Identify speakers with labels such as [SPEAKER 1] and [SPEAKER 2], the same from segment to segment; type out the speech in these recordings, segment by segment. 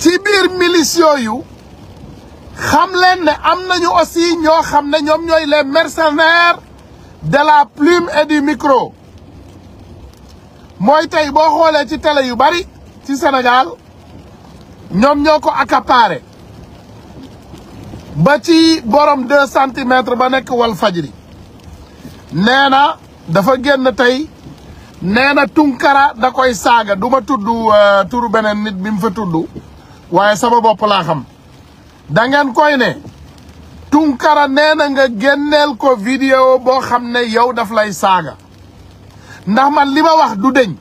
[SPEAKER 1] ci biir milice yooyu xam leen ne am nañu aussi ñoo xam ne ñoom ñooy les mercenaires de la plume et du micro mooy tey boo xoolee ci télé yu bari ci Sénégal ñoom ñoo ko accaparé ba ci borom deux centimètres ba nekk Walfadjri nee na dafa génn tey nee na Tunkara da koy saaga duma ma tudd euh, turu beneen nit bi mu fa tudd waaye sama bopp laa xam da ngeen koy ne Tunkara nee na nga génneel ko vidéo boo xam ne yow daf lay saaga ndax man li ma wax du deñ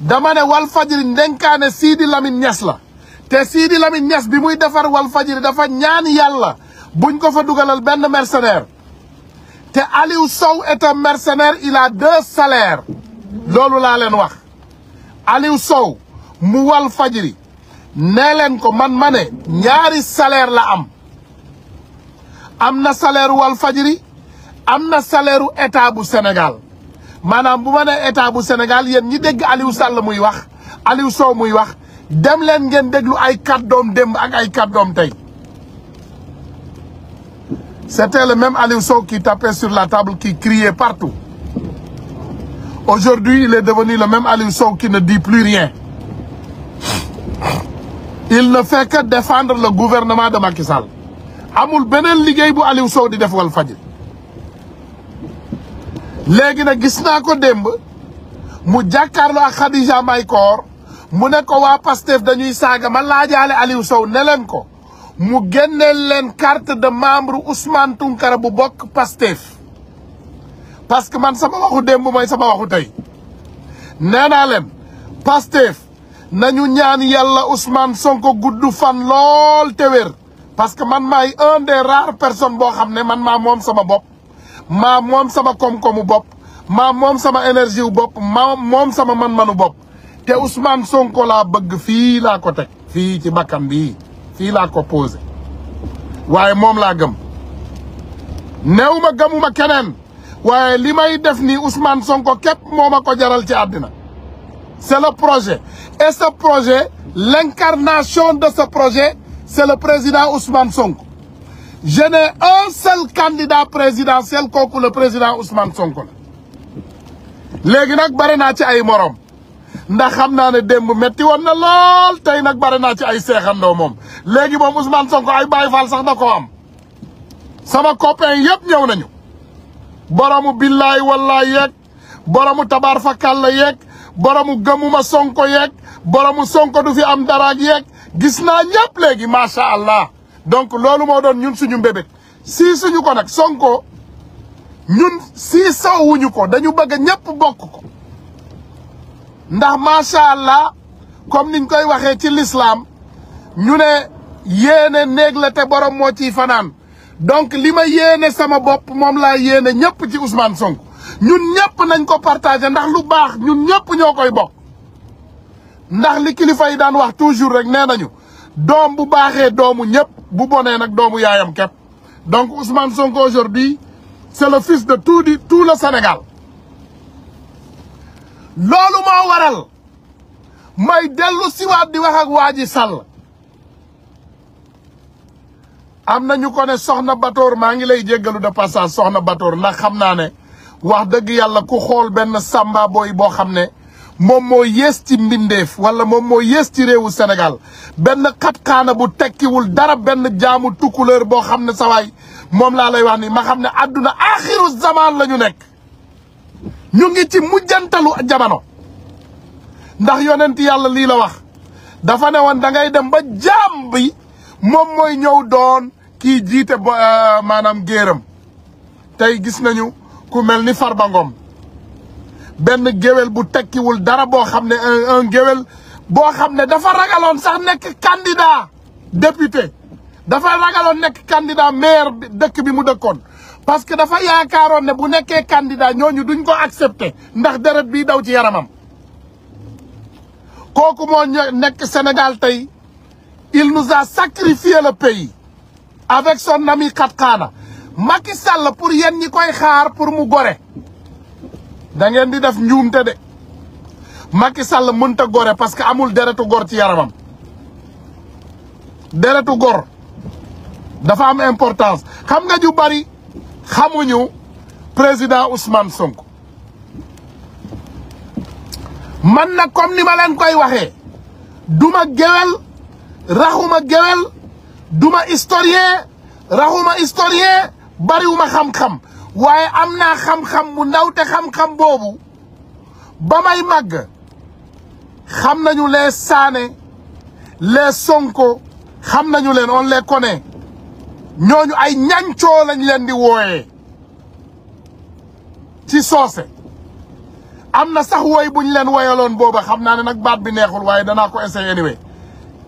[SPEAKER 1] dama ne wal fajiri ndenkaane Sidi Lamine Niass la te Sidi Lamine Niass bi muy defar wal fajiri dafa ñaan yàlla buñ ko fa dugalal benn mercenaire te Aliou Sow est un mercenaire il a loolu laa leen wax Aliou Sow mu wal fajiri nee leen ko man ma ñaari salaire la am am na salaire wal fajiri am na salaire u état bu Sénégal maanaam bu ma nee bu senegal yéen ñi dégg Aliou Sall muy wax Aliou Sow muy wax dem leen ngeen déglu ay kàddoom démb ak ay kàddoom tey c'était le même Aliou Sow qui tapait sur la table kii crier partout Aujourd'hui, il est devenu la même Aliou Sow ki ne dit plus rien. Il na fekk que défendre le gouvernement de Macky Sall. amul beneen liggéey bu Aliou Sow di def wal fajri léegi nag gis naa ko démb mu jàkkaarloo ak Khadija Maykor mu ne ko waa Pastef dañuy saaga ma laajaale Aliou Sow ne ko mu génneel leen carte de membre Ousmane Tounkara bu bokk Pastef parce que man sama waxu démb mooy sama waxu tey nee naa leen Pastef nañu ñaan yàlla Ousmane Sonko gudd fan lool te wér parce que man maay un des rares personnes boo xam ne man maa moom sama bopp maa moom sama koom-koomu bopp maa moom sama énergi wu bopp maa moom sama man-manu bopp te Ousmane Sonko laa bëgg fii laa ko teg fii ci bakkan bii fii laa ko posé waaye moom laa gëm néew ma gëmuma keneen waaye li may def nii Ousmane Sonko képp moo ma ko jaral ci àddina c'est le projet et ce projet l'incarnation de ce projet c'est le président Ousmane Sonko je n'ai un seul candidat présidentiel kooku le président Ousmane Sonko la léegi nag bari naa ci ay morom ndax xam naa ne démb métti woon na lool tey nak bari naa ci ay seexandoo moom léegi moom Ousmane Sonko ay Baye Fall sax da ko am sama copain yëpp ñëw nañu boromu billaay wallaay yeeg boromu tabaar fakalla yeeg boromu gëmuma sonko yeeg boromu sonko du fi am daraak yeeg gis naa ñëpp léegi macha allah donc loolu moo doon ñun suñu mbébét sii suñu ko nag sonko ñun sii sawuñu ko dañu bëgg ñëpp bokk ko ndax macha allah comme niñ koy waxee ci lislaam ñu ne yéene néeg la te borom moo ciy fanaan donc li ma yéene sama bopp moom laa yéene ñëpp ci Ousmane Sonko ñun ñëpp nañ ko partagé ndax lu baax ñun ñëpp ñoo koy bokk ndax li kilifa yi daan wax toujours rek nee nañu doom bu baaxee doomu ñëpp bu bonee nag doomu yaayam képp donc Ousmane Sonko aujourd'hui c'est le fils de tout di tous le Sénégal loolu moo waral may dellu siwaat di wax ak waa ji Sall am na ñu ko ne soxna Batoor maa ngi lay jéggalu de passage soxna Batoor ndax xam naa ne wax dëgg yàlla ku xool benn samba boy boo xam ne moom moo yées ci mbindeef wala moom moo yées ci réewu senegal benn xatkaana bu tekkiwul dara benn jaamu tukkuleer boo xam ne sawaay moom laa lay wax ni ma xam ne àdduna axiru zaman la ñu nekk ñu ngi ci mujjantalu jamono ndax yonent yàlla lii la wax dafa ne woon da dem ba jaam bi moom mooy ñëw doon kii jiite bo eh, maanaam géeram tey gis nañu ku mel ni Farba benn géwél bu tekkiwul dara boo xam ne un géwél boo xam ne dafa ragaloon sax nekk candidat député dafa ragaloon nekk candidat maire bi dëkk bi mu dëkkoon parce que dafa yaakaaroon ne bu nekkee candidat ñooñu duñ ko accepté ndax deret bii daw ci yaramam kooku moo nekk Sénégal tey il nous a sacrifié le pays avec son ami Katkaana Macky Sall pour yéen ñi koy xaar pour mu gore da ngeen di def njuumte de Macky Sall mënta gore parce que amul deretu gor ci yaramam deretu gor dafa am importance xam nga ñu bari xamuñu président Ousmane Sonko man na comme ni ma leen koy waxee du ma gewel raxuma gewel duma historien raxuma historien bariwuma xam-xam waaye am naa xam-xam bu ndaw te xam-xam boobu ba may màgg xam nañu les Sané les Sonko xam nañu leen on les kone ñooñu ay ñancoo lañ leen di wooye ci soose am na sax wooy buñ leen woyaloon booba xam naa ne nag baat bi neexul waaye danaa ko essayer anyway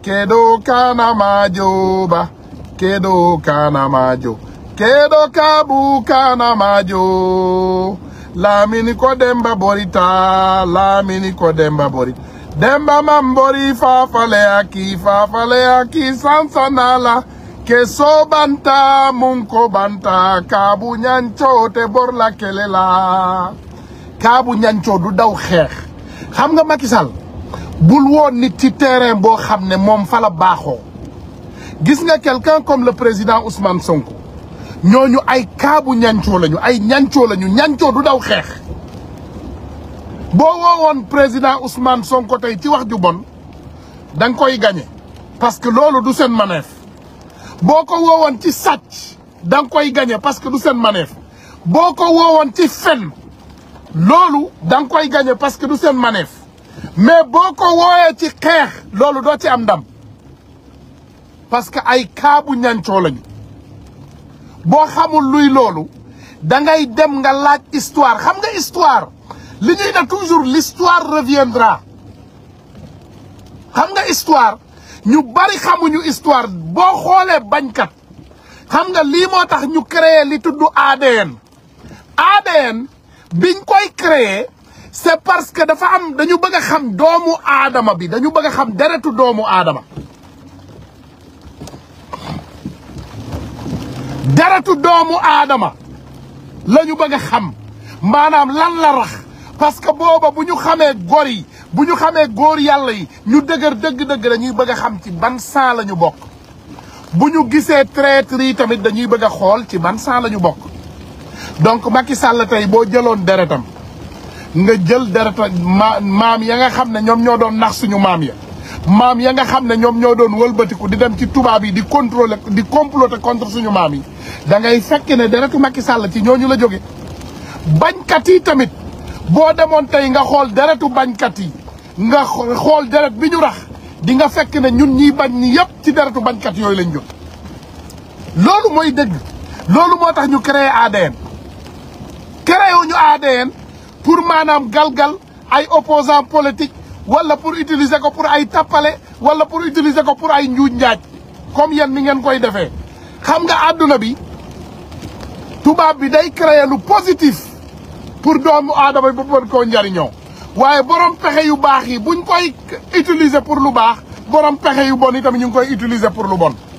[SPEAKER 1] kedo kana majoba kedo kana majo kedo kabu kana majo lamini ko demba borita lamini ko demba borita demba mambori fafale aki fafale aki sansanala ke sobanta munko banta kabu ñanco te bor la kelela kabu ñanco du daw xeex xam nga Macky bul woon nit ci terrain boo xam ne moom fa la baaxoo gis nga quelqu'un comme le président Ousmane Sonko ñooñu ay kaabu ñancoo lañu ay ñancoo lañu ñancoo du daw xeex boo woowoon président Ousmane Sonko tey ci wax ju bon da nga koy gañe parce que loolu du seen manœuvre boo ko woowoon ci sàcc danga koy gañe parce que du seen maneef boo ko woowoon ci fen loolu da nga koy gañe parce que du seen manœuvre mais boo ko wooyee ci xeex loolu doo ci am ndam parce que ay kaabu ñancoo lañu boo xamul luy loolu da ngay dem nga laaj histoire xam nga histoire li ñuy ne toujours l'histoire reviendra xam nga histoire ñu bari xamuñu histoire boo xoolee bañkat xam nga lii moo tax ñu créer li tudd ADN ADN biñ koy créer c'est parce que dafa am dañu bëgg a xam doomu aadama bi dañu bëgg a xam deretu doomu aadama deretu doomu aadama lañu bëgg a xam maanaam lan la rax parce que booba bu ñu xamee góor yi bu ñu xamee góor yàlla yi ñu dëgër dëgg-dëgg dañuy bëgg a xam ci ban sang la ñu bokk bu ñu gisee traître yi tamit dañuy bëgg a xool ci ban sang la ñu bokk donc Macky Sall tey boo jëloon deretam nga jël dereta ma maam ya nga xam ne ñoom ñoo doon nax suñu maam ya maam ya nga xam ne ñoom ñoo doon wëlbatiku di dem ci tubaab yi di contrôler di comploter contre suñu maam yi da ngay fekk ne deretu Macky Sall ci ñoo ñu la jóge bañkat yi tamit boo demoon tey nga xool deretu bañkat yi nga xool deret bi ñu rax di nga fekk ne ñun ñiy bañ ni yépp ci deretu bañkat yooyu lañ jóg loolu mooy dégg loolu moo tax ñu créé ADN créé wu ñu ADN pour maanaam galgal ay opposant politique wala pour utiliser ko pour ay tappale wala pour utiliser ko pour ay njuuñ njaaj comme yéen mi ngeen koy defee xam nga àdduna bi tubaab bi day créer lu positif pour doomu aadama bu mën koo njariñoo waaye borom pexe yu baax yi buñ koy utiliser pour lu baax borom pexe yu bon itam ñu ngi koy utiliser pour lu bon